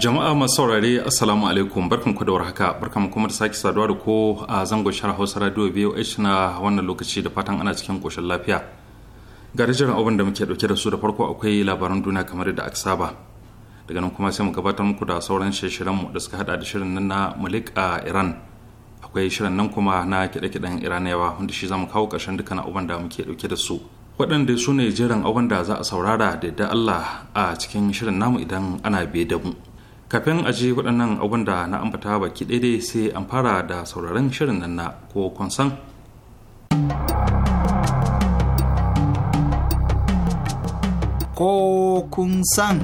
Jama'a masu saurare Assalamu alaikum barkan ku da warhaka barkan kuma da sake saduwa da ko a zango shara Hausa Radio BOH na wannan lokaci da fatan ana cikin koshin lafiya. Ga jiran abin da muke dauke da su da farko akwai labaran duniya kamar da aka saba. Daga nan kuma sai mu gabatar muku da sauran shirin mu da suka hada da shirin nan na Malik a Iran. Akwai shirin nan kuma na kide-kiden iranewa wanda shi zamu kawo ƙarshen dukkan abin da muke dauke da su. Waɗanda su ne jiran abin da za a saurara da da Allah a cikin shirin namu idan ana biye da mu. kafin a ji waɗannan abin da na ambata baki daidai sai an fara da sauraron shirin nan na ko san. ko kun san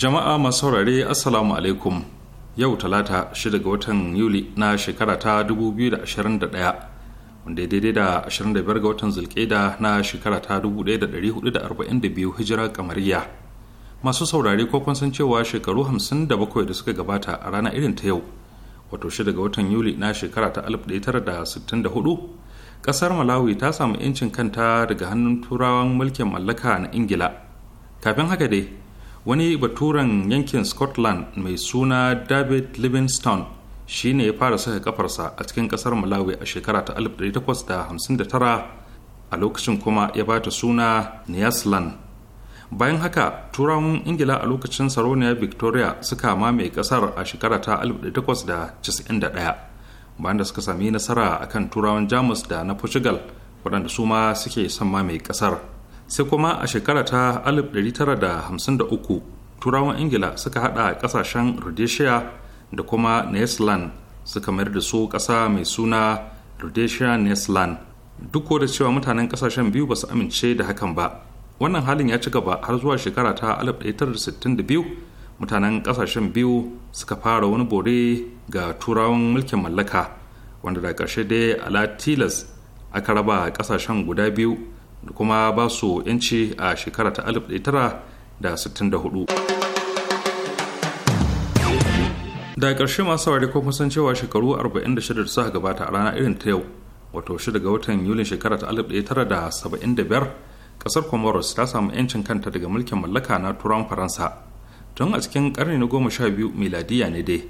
jama'a masu saurare assalamu alaikum yau talata 6 ga watan yuli na shekara ta 2021 wanda daidai da 25 ga watan zulkeda na shekara ta 1442 hijira kamariya masu saurare ko kun san cewa shekaru 57 da suka gabata a rana irin ta yau wato 6 ga watan yuli na shekara ta 1964 kasar malawi ta samu 'yancin kanta daga hannun turawan mulkin mallaka na ingila kafin haka dai wani baturen yankin scotland mai suna david livingstone shi ne ya fara saka kafarsa a cikin kasar malawi a shekara ta 1859 a lokacin kuma ya bata suna Nyasaland. bayan haka turawan ingila a lokacin sarauniya victoria suka mamaye kasar a shekara ta 1891 bayan da suka sami nasara akan turawan jamus da na portugal waɗanda su ma suke son mamaye kasar sai kuma a shekara ta 1953 turawan ingila suka haɗa ƙasashen rhodesia da kuma Nesland suka mayar da su ƙasa mai suna Rhodesia Nesland duk da cewa mutanen ƙasashen biyu ba su amince da hakan ba wannan halin ya ci gaba har zuwa shekara ta 1962 mutanen ƙasashen biyu suka fara wani bore ga turawan mulkin mallaka wanda da ƙarshe dai alatilas aka raba ƙasashen guda biyu da kuma ba su 'yanci a shekara ta 1964 da ƙarshe masu saurari ko kusan cewa shekaru 46 da suka gabata a rana irin ta yau wato shi ga watan yulin shekara ta 1975 ƙasar comoros ta samu 'yancin kanta daga mulkin mallaka na turan faransa tun a cikin karni na goma sha biyu miladiya ne dai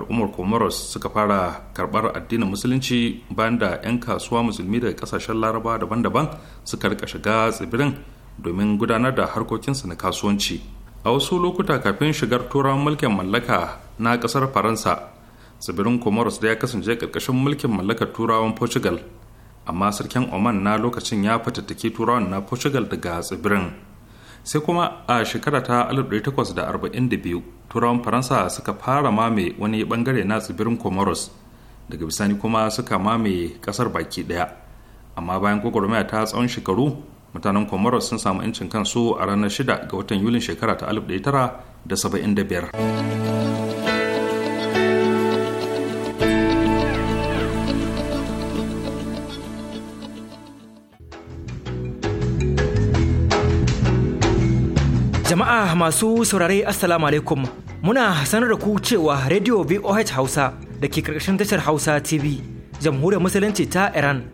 al'ummar comoros suka fara karɓar addinin musulunci bayan da 'yan kasuwa musulmi daga ƙasashen laraba daban-daban suka rika shiga tsibirin domin gudanar da harkokinsu na kasuwanci a wasu lokuta kafin shigar turawan mulkin mallaka na kasar faransa tsibirin comoros da ya kasance karkashin mulkin mallakar turawan portugal amma sarkin oman na lokacin ya fatattaki turawan na portugal daga tsibirin sai kuma a shekara ta 1842 turawan faransa suka fara mame wani bangare na tsibirin comoros daga bisani kuma suka mame kasar baki daya amma bayan gwagwarmaya ta tsawon shekaru mutanen komoros sun samu 'yancin kansu a ranar shida ga watan yulin shekara ta biyar. Jama'a masu saurare Assalamu alaikum muna sanar da ku cewa Radio VOH Hausa da ke karkashin tashar Hausa TV jamhuriyar musulunci ta Iran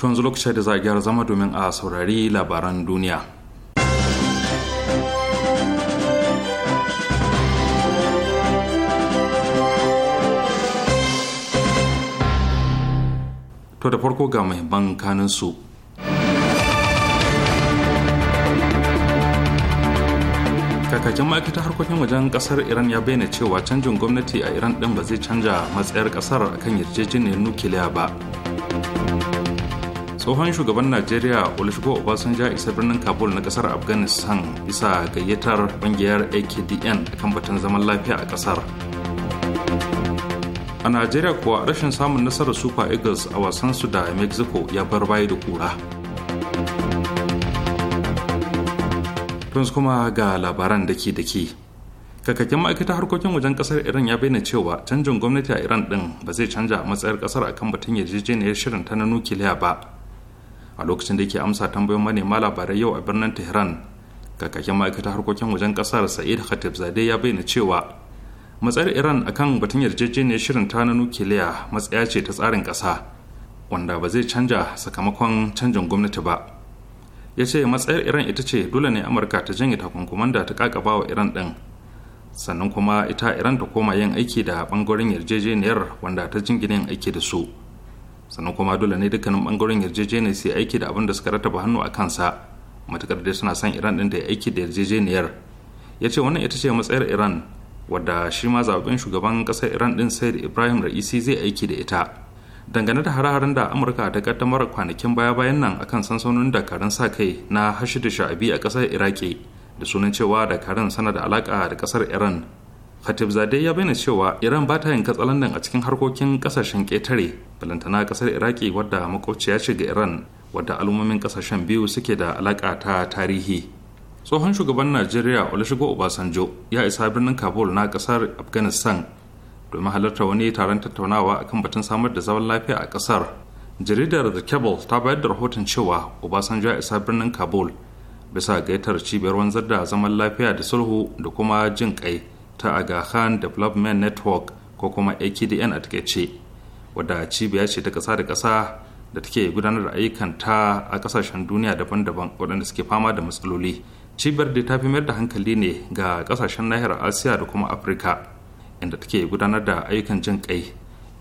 to yanzu lokacin da za a gyara zama domin a saurari labaran duniya to da farko ga muhimman kanin su kakakin ma'aikatar harkokin wajen kasar iran ya bayyana cewa canjin gwamnati a iran ɗin ba zai canja matsayar kasar akan yarjejeniyar nukiliya ba tsohon shugaban najeriya olusegun obasanjo isa birnin kabul na kasar afghanistan bisa gayyatar kungiyar akdn kan batun zaman lafiya a kasar a najeriya kuwa rashin samun nasarar super eagles a wasansu da mexico ya bar baya da kura tons kuma ga labaran daki-daki kakakin ma'aikatar harkokin wajen kasar iran ya bayyana cewa canjin gwamnati a iran din ba zai canja a matsayar kasar akan batun yarjejeniyar shirin ta na nukiliya ba a lokacin da yake amsa tambayoyin manema labarai yau a birnin tehran kakakin ma'aikatar harkokin wajen kasar sa'id khatib zade ya bayyana cewa matsayar iran akan batun yarjejeniyar shirin ta na nukiliya matsaya ce ta tsarin kasa wanda ba zai canja sakamakon canjin gwamnati ba ya ce matsayar iran ita ce dole ne amurka ta janye takunkuman da ta kakaba wa iran din sannan kuma ita iran ta koma yin aiki da bangaren yarjejeniyar wanda ta yin aiki da su sannan kuma dole ne dukkanin bangaren yarjejeniyar su aiki da abin da suka rataba hannu a kansa matukar dai suna son iran din da ya aiki da yarjejeniyar ya ce wannan ita ce matsayar iran wadda shi ma zaben shugaban ƙasar iran din sayar ibrahim ra'isi zai aiki da ita dangane da hare-haren da amurka ta kaddamar kwanakin baya-bayan nan akan sansanonin dakarun sa kai na hashidu sha'abi a kasar iraki da sunan cewa dakarun sana da alaka da kasar iran Zade ya bayyana cewa iran ba ta yin katsalandan a cikin harkokin kasashen ƙetare balantana ƙasar iraki wadda makwabciya ce ga iran wadda al'ummomin kasashen biyu suke da alaƙa ta tarihi tsohon shugaban najeriya olusegun obasanjo ya isa birnin kabul na ƙasar afghanistan domin halarta wani taron tattaunawa akan batun samar da zaman lafiya a ƙasar. jaridar the cable ta bayar da rahoton cewa obasanjo ya isa birnin kabul bisa gaitar cibiyar wanzar da zaman lafiya da sulhu da kuma jin kai ta aga khan development network ko kuma akdn a takaice wadda cibiya ce ta ƙasa da ƙasa da take gudanar da ayyukanta a ƙasashen duniya daban-daban waɗanda suke fama da matsaloli cibiyar da ta fi mayar da hankali ne ga ƙasashen nahiyar asiya da kuma afirka inda take gudanar da ayyukan jin kai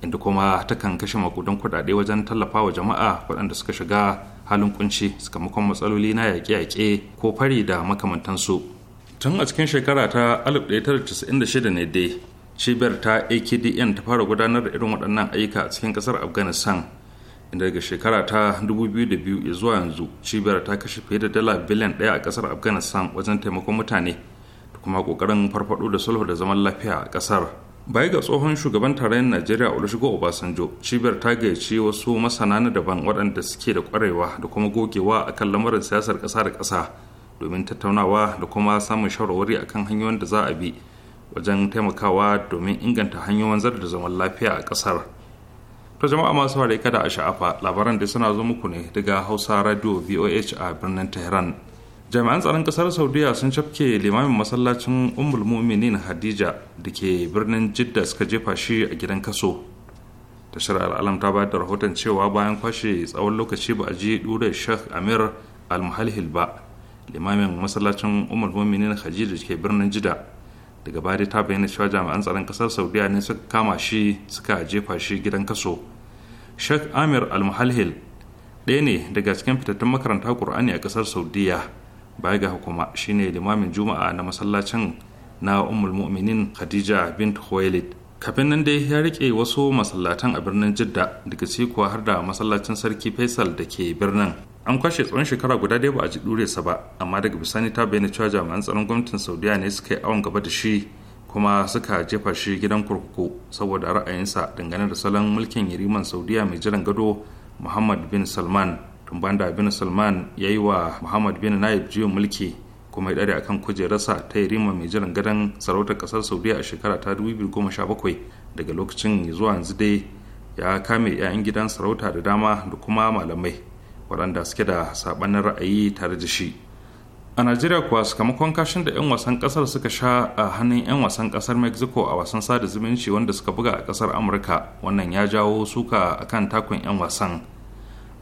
inda kuma takan kashe makudan kuɗaɗe wajen tallafa wa jama'a waɗanda suka shiga halin kunci sakamakon matsaloli na yaƙe-yaƙe ko fari da makamantansu tun a cikin shekara ta 1996 ne dai cibiyar ta akdn ta fara gudanar da irin waɗannan ayyuka a cikin ƙasar afghanistan inda daga shekara ta 2002 zuwa yanzu cibiyar ta kashe fiye da dala biliyan ɗaya a ƙasar afghanistan wajen taimakon mutane da kuma ƙoƙarin farfaɗo da sulhu da zaman lafiya a ƙasar baya ga tsohon shugaban tarayyar najeriya olusegun obasanjo cibiyar ta gayyaci wasu masana na daban waɗanda suke da ƙwarewa da kuma gogewa akan lamarin siyasar ƙasa da ƙasa domin tattaunawa da kuma samun shawarwari akan hanyoyin da za a bi wajen taimakawa domin inganta hanyoyin zar da zaman lafiya a ƙasar. ta jama'a masu ware kada a sha'afa labaran da suna zo muku ne daga Hausa Radio VOH a birnin Tehran. Jami'an tsaron ƙasar Saudiya sun cafke limamin masallacin Ummul Muminin Hadija da ke birnin Jidda suka jefa shi a gidan kaso. Tashar al'alam ta bayar da rahoton cewa bayan kwashe tsawon lokaci ba a ji ɗure Sheikh Amir Al-Muhalhil ba limamin masallacin umar mominin khadija da ke birnin jida daga baya ta bayyana cewa jami'an tsaron kasar saudiya ne suka kama shi suka jefa shi gidan kaso sheikh amir almuhalhil ɗaya ne daga cikin fitattun makaranta qur'ani a kasar saudiya baya ga hukuma shine limamin juma'a na masallacin na Umar mu'minin khadija bint khuwailid kafin nan dai ya rike wasu masallatan a birnin jidda daga cikuwa har da masallacin sarki faisal da ke birnin an kwashe tsawon shekara guda dai ba a ji sa ba amma daga bisani ta bayyana cewa jami'an tsaron gwamnatin saudiya ne suka yi awon gaba da shi kuma suka jefa shi gidan kurkuku saboda ra'ayinsa dangane da salon mulkin yariman saudiya mai jiran gado muhammad bin salman tun da bin salman ya yi wa muhammad bin naib juyin mulki kuma ya dare akan kujerarsa ta yarima mai jiran gadon sarautar kasar saudiya a shekara ta 2017 daga lokacin zuwa yanzu dai ya kame 'ya'yan gidan sarauta da dama da kuma malamai waɗanda suke da saɓanin ra'ayi tare da shi a najeriya kuwa sakamakon kashin da 'yan wasan kasar suka sha a hannun 'yan wasan kasar mexico a wasan sada zumunci wanda suka buga a kasar amurka wannan ya jawo suka akan takun 'yan wasan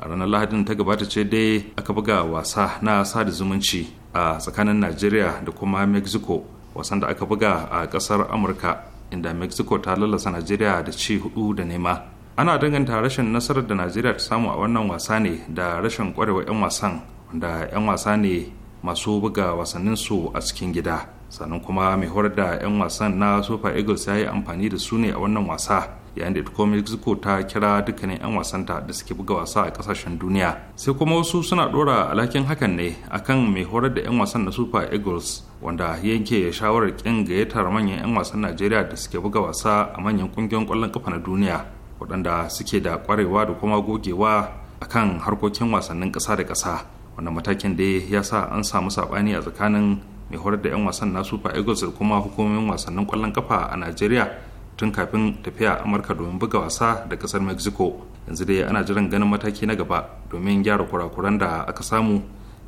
a ranar lahadin ta gabata ce dai aka buga wasa na sada zumunci a tsakanin najeriya da kuma mexico wasan da aka buga a kasar amurka inda mexico ta lalasa najeriya da ci hudu da nema ana danganta rashin nasarar da najeriya ta samu a wannan wasa ne da rashin kwarewa 'yan wasan wanda 'yan wasa ne masu buga wasanninsu a cikin gida sannan kuma mai horar da 'yan wasan na super eagles ya yi amfani da su ne a wannan wasa yayin da ita mexico ta kira dukkanin 'yan wasanta da suke buga wasa a kasashen duniya sai kuma wasu suna dora alhakin hakan ne akan mai horar da 'yan wasan na super eagles wanda yanke shawarar kin gayyatar manyan 'yan wasan najeriya da suke buga wasa a manyan kungiyoyin kwallon kafa na duniya waɗanda suke da ƙwarewa da kuma gogewa a kan harkokin wasannin ƙasa da ƙasa wannan matakin da ya sa an samu saɓani a tsakanin mai horar da 'yan wasan na super eagles da kuma hukumomin wasannin ƙwallon kafa a najeriya tun kafin tafiya amurka domin buga wasa da ƙasar mexico yanzu dai ana jiran ganin mataki na gaba domin gyara kurakuran da aka samu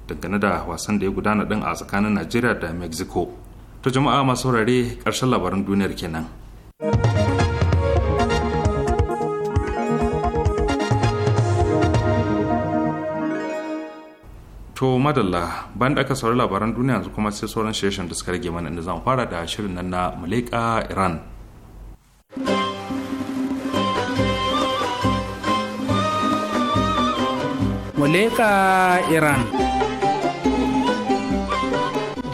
dangane da wasan da ya gudana ɗin a tsakanin najeriya da mexico ta jama'a masu saurare ƙarshen labaran duniyar kenan. thank you To madalla ban da aka sauri labaran duniya yanzu kuma sai sauran shirin da suka rage mana inda zan fara da shirin nan na malika Iran. Muleka Iran.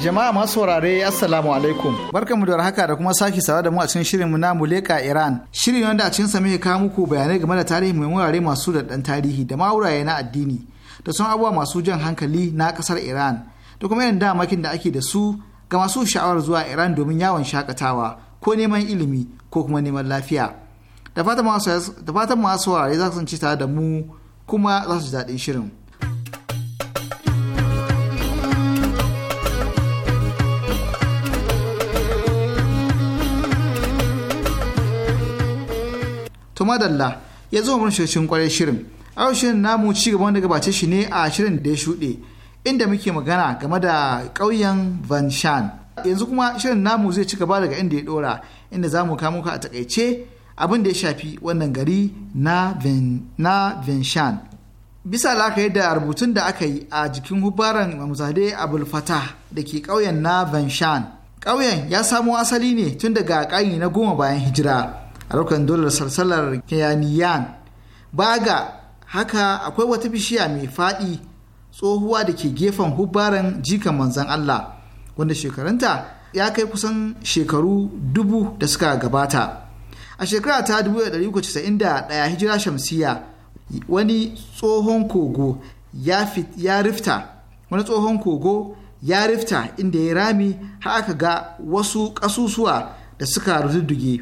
Jama'a masu saurare Assalamu alaikum. Barkanmu da haka da kuma sake sawa da mu a cikin shirinmu na Muleka Iran. Shirin wanda a cikin sa muke kawo muku bayanai game da tarihi mai wurare masu da dan tarihi da ma wurare na addini. da sun abubuwa masu jan hankali na kasar iran da kuma irin damakin da ake da su ga masu sha'awar zuwa iran domin yawon shakatawa ko neman ilimi ko kuma neman lafiya da fatan masu wurare za su ci tare da mu kuma za su ji daɗin shirin to madalla ya zo mun shirin kwarai shirin a shirin namu ci gaban da gabace shi ne a shirin da ya shuɗe inda muke magana game da ƙauyen Van Shan. Yanzu kuma shirin namu zai ci gaba daga inda ya ɗora inda za mu kamo ka a takaice abin da ya shafi wannan gari na Van Shan. Bisa la'akari da rubutun da aka yi a jikin hubaran Mamzade Abul Fatah da ke ƙauyen na Van Shan. Ƙauyen ya samo asali ne tun daga ƙayi na goma bayan hijira a dole dolar salsalar Kiyaniyan. Baga haka akwai wata bishiya mai faɗi tsohuwa da ke gefen hubbaran jikan manzan Allah wanda shekarunta ya kai kusan shekaru dubu da suka gabata a shekara ta 1991 hijira shamsiya wani tsohon kogo ya rifta wani tsohon kogo ya rifta inda ya rami har aka ga wasu ƙasusuwa da suka rududduge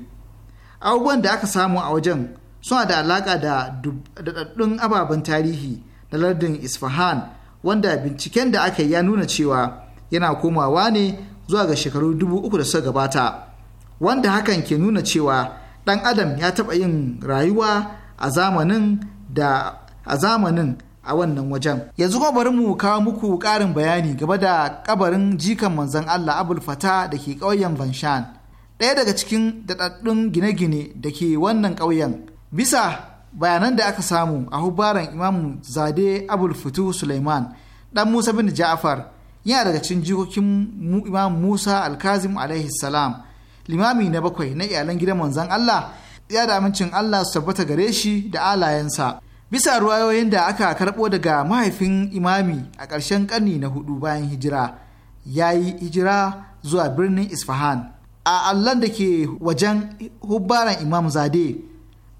abubuwan da aka samu a wajen suna da alaƙa da daɗaɗɗun ababen tarihi na lardin isfahan wanda binciken da aka yi ya nuna cewa yana komawa ne zuwa ga shekaru dubu uku da suka gabata wanda hakan ke nuna cewa ɗan adam ya taɓa yin rayuwa a zamanin da a zamanin a wannan wajen yanzu kuma bari mu kawo muku ƙarin bayani game da kabarin jikan manzon Allah Abul Fata da ke ƙauyen Banshan ɗaya daga cikin daɗaɗɗun gine-gine da ke wannan ƙauyen bisa bayanan da aka samu a hubaran imam zade abul fitu suleiman dan musa bin ja'far yana daga cikin jikokin imam musa alkazim alaihi salam limami na bakwai na iyalan gidan manzon allah ya da amincin allah su tabbata gare shi da alayensa bisa ruwayoyin da aka karɓo daga mahaifin imami a ƙarshen ƙarni na hudu bayan hijira ya yi hijira zuwa birnin isfahan a allan da ke wajen hubbaran imam zade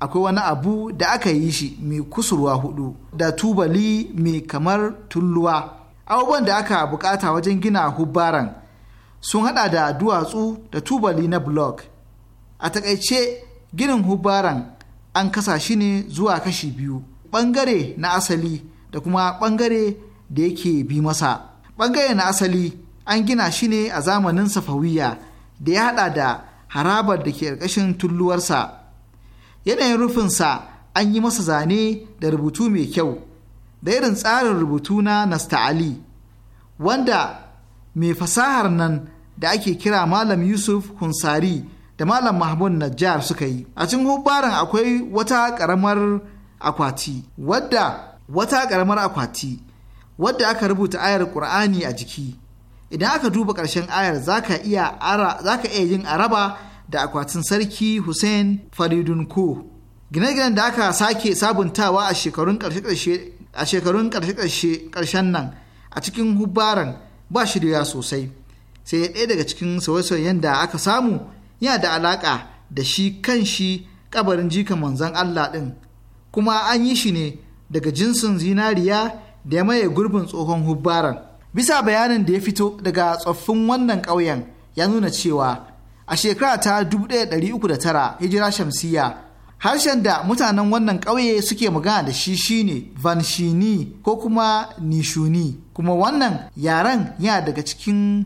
akwai wani abu da aka yi shi mai kusurwa hudu da tubali mai kamar tulluwa abubuwan da aka bukata wajen gina hubbaran sun hada da duwatsu da tubali na block a takaice ginin hubbaran an kasa shi ne zuwa kashi biyu bangare na asali da kuma bangare da yake bi masa bangare na asali an gina shi ne a zamanin safawiya da ya hada da harabar da ke ƙarƙashin tulluwarsa yanayin rufinsa an yi masa zane da rubutu mai kyau da irin tsarin rubutu na nasta'ali wanda mai fasahar nan da ake kira malam yusuf hunsari da malam mahmud najjar suka yi a cikin hubbaran akwai wata karamar akwati wadda wata karamar akwati wadda aka rubuta ayar qur'ani a jiki idan aka duba ƙarshen ayar zaka iya iya yin araba da akwatin sarki hussein Ko. gine-ginen da aka sake sabuntawa a shekarun ƙarshe-ƙarshen nan a cikin hubbaran ba shi da sosai sai ɗaya daga cikin sauye-sauyen da aka samu yana da alaƙa da shi kan shi ƙabarin jika manzan Allah ɗin kuma an yi shi ne daga jinsin zinariya da ya maye gurbin tsohon hubbaran bisa bayanin da ya fito daga tsoffin wannan ƙauyen ya nuna cewa a shekara ta 1309 hijira Shamsiyya, harshen da mutanen wannan ƙauye suke magana da shi shine vanshini ko kuma nishuni kuma wannan yaren yana daga cikin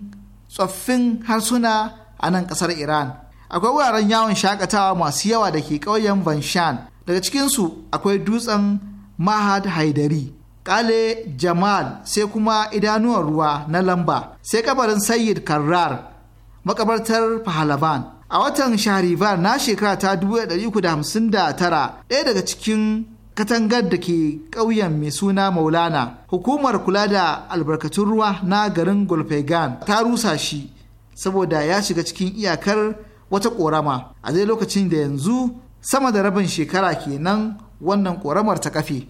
tsoffin harsuna a nan ƙasar iran akwai wuraren yawon shakatawa masu yawa da ke ƙauyen vanshan daga cikinsu akwai dutsen mahad haidari kale jamal sai kuma idanuwan ruwa na lamba sai kabarin sayyid karrar makabartar Pahlavan. A watan Shahrivar na shekara ta tara. ɗaya daga cikin katangar da ke ƙauyen mai suna Maulana, hukumar kula da albarkatun ruwa na garin Golfegan ta rusa shi saboda ya shiga cikin iyakar wata ƙorama a zai lokacin da yanzu sama da rabin shekara kenan wannan ƙoramar ta kafe.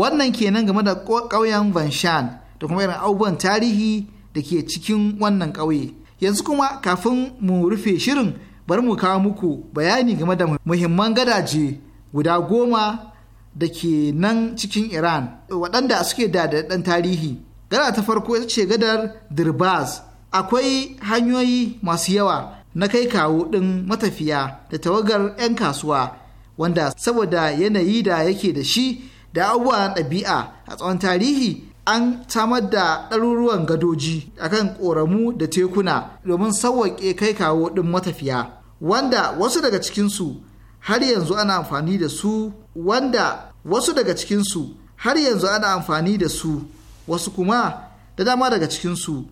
wannan kenan game da ƙauyen vanshan da kuma irin abubuwan tarihi da ke cikin wannan ƙauye yanzu kuma kafin mu rufe shirin bari mu kawo muku bayani game da muhimman gadaje guda goma da ke nan cikin iran waɗanda suke da daɗaɗɗen tarihi gada ta farko ita ce gadar dirbaz akwai hanyoyi masu yawa na kai kawo ɗin matafiya da tawagar 'yan kasuwa wanda saboda yanayi da yake da shi da abubuwan ɗabi'a a tsawon tarihi an samar da ɗaruruwan gadoji akan ƙoramu da tekuna domin sauwaƙe kai kawo ɗin matafiya wanda wasu daga cikinsu har yanzu ana amfani da su wanda wasu daga cikinsu har yanzu ana amfani da su wasu kuma da dama daga cikinsu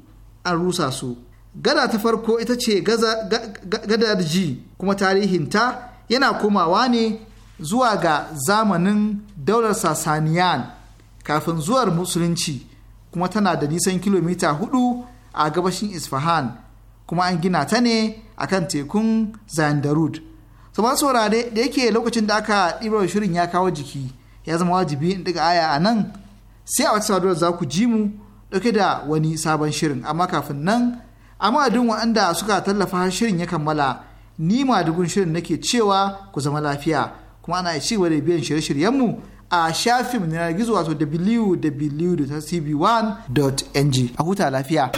an rusa su gada ta farko ita ce gadar ji kuma tarihinta yana komawa ne zuwa ga zamanin daular sasaniyan kafin zuwar musulunci kuma tana da nisan kilomita hudu a gabashin isfahan kuma an gina ta ne a kan tekun zandarud saman saurare da yake lokacin da aka ɗibar shirin ya kawo jiki ya zama wajibi in daga aya a nan sai a wata saduwar za ku ji mu ɗauke da wani sabon shirin amma kafin nan a madadin waɗanda suka tallafa shirin ya kammala ni madugun shirin nake cewa ku zama lafiya kuma ana ci gaba da biyan shirye-shiryenmu a shafin na gizo wato www.cb1.ng a huta lafiya.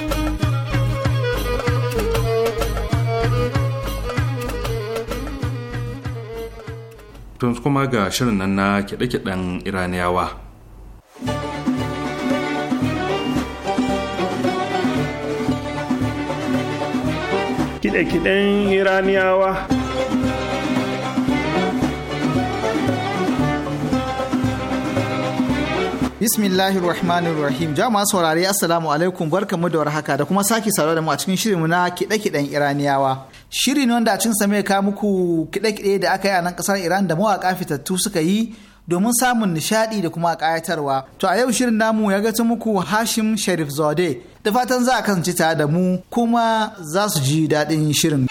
Tun kuma ga shirin nan na kiɗe-kiɗen Iraniyawa. Kiɗe-kiɗen Iraniyawa. Bismillahir Rahmanir Rahim. Jama'a saurare Assalamu alaikum barkamu da warhaka da kuma sake saurare da mu a cikin shirinmu na kiɗe-kiɗen Iraniyawa. Shiri ne wanda a cikin same ka muku kiɗe-kiɗe da aka yi a nan ƙasar Iran da mawaƙa fitattu suka yi domin samun nishaɗi da kuma kayatarwa. To a yau shirin namu ya gaci muku Hashim Sharif Zode. Da fatan za a kasance tare da mu kuma za su ji daɗin shirin.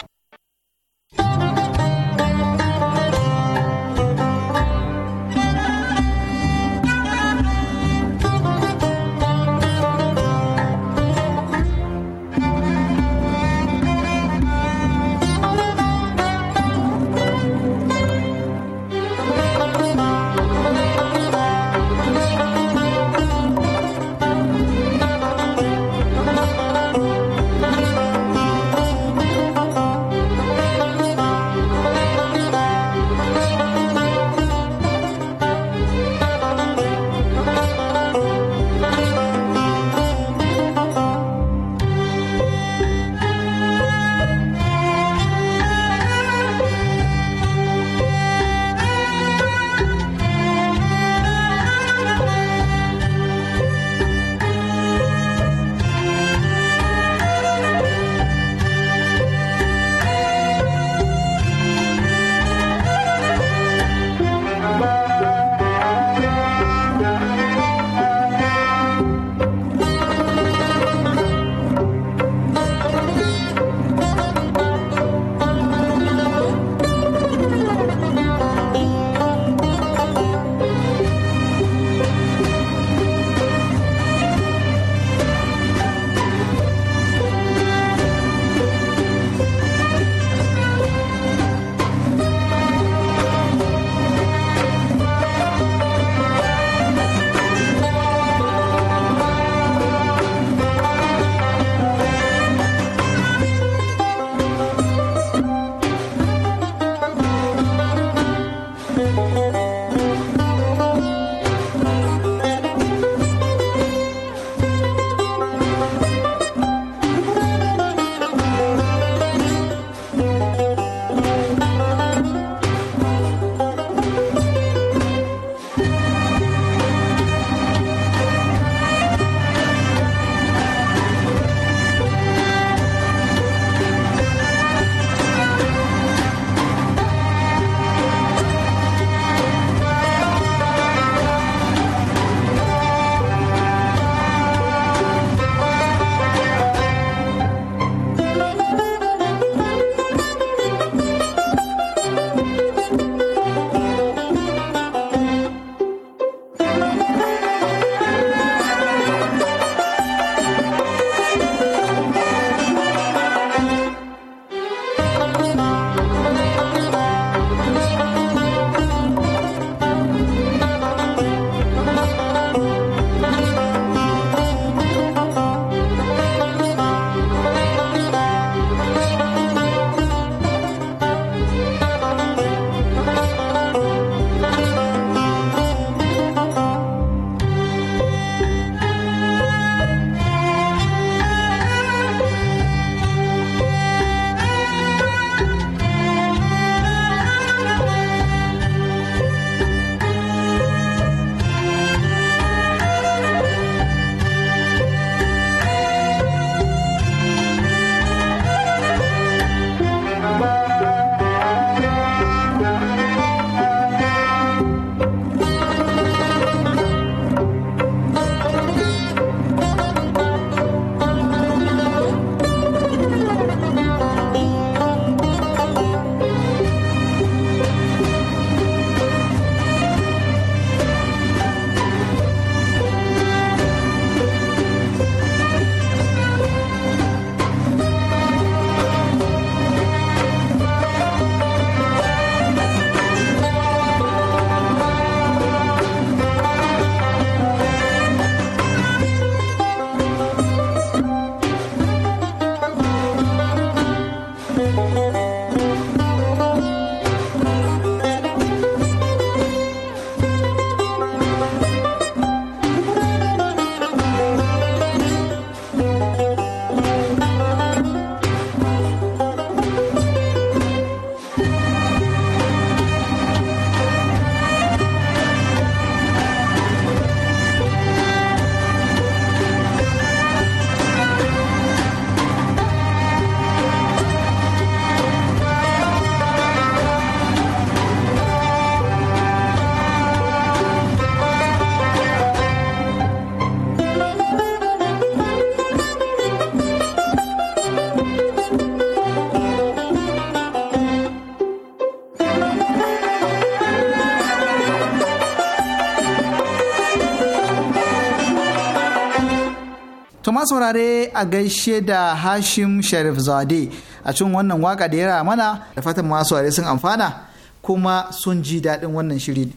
To ma saurare a gaishe da Hashim Sharif Zade a cikin wannan waka da ya mana da fatan masu saurare sun amfana kuma sun ji daɗin wannan shiri.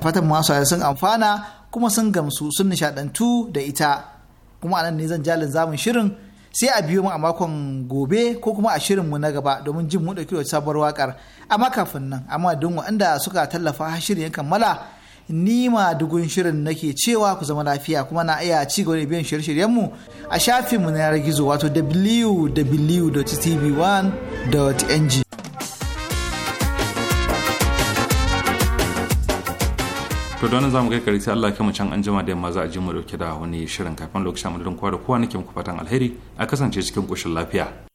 Fatan masu saurare sun amfana kuma sun gamsu sun nishadantu da ita. Kuma anan ne zan jalin zamun shirin sai a biyo mu a makon gobe ko kuma a shirin mu na gaba domin jin mu ɗauki sabuwar wakar. Amma kafin nan amma don waɗanda suka tallafa shirin ya kammala ni ma dugun shirin nake cewa ku zama lafiya kuma na iya ci gaba da biyan shirye-shiryenmu a shafinmu na yanar gizo wato www.tv1.ng to don za mu kai kare sai Allah mu can an jima da yamma za a ji mu dauke da wani shirin kafin lokacin mu don kwa da kowa nake muku fatan alheri a kasance cikin koshin lafiya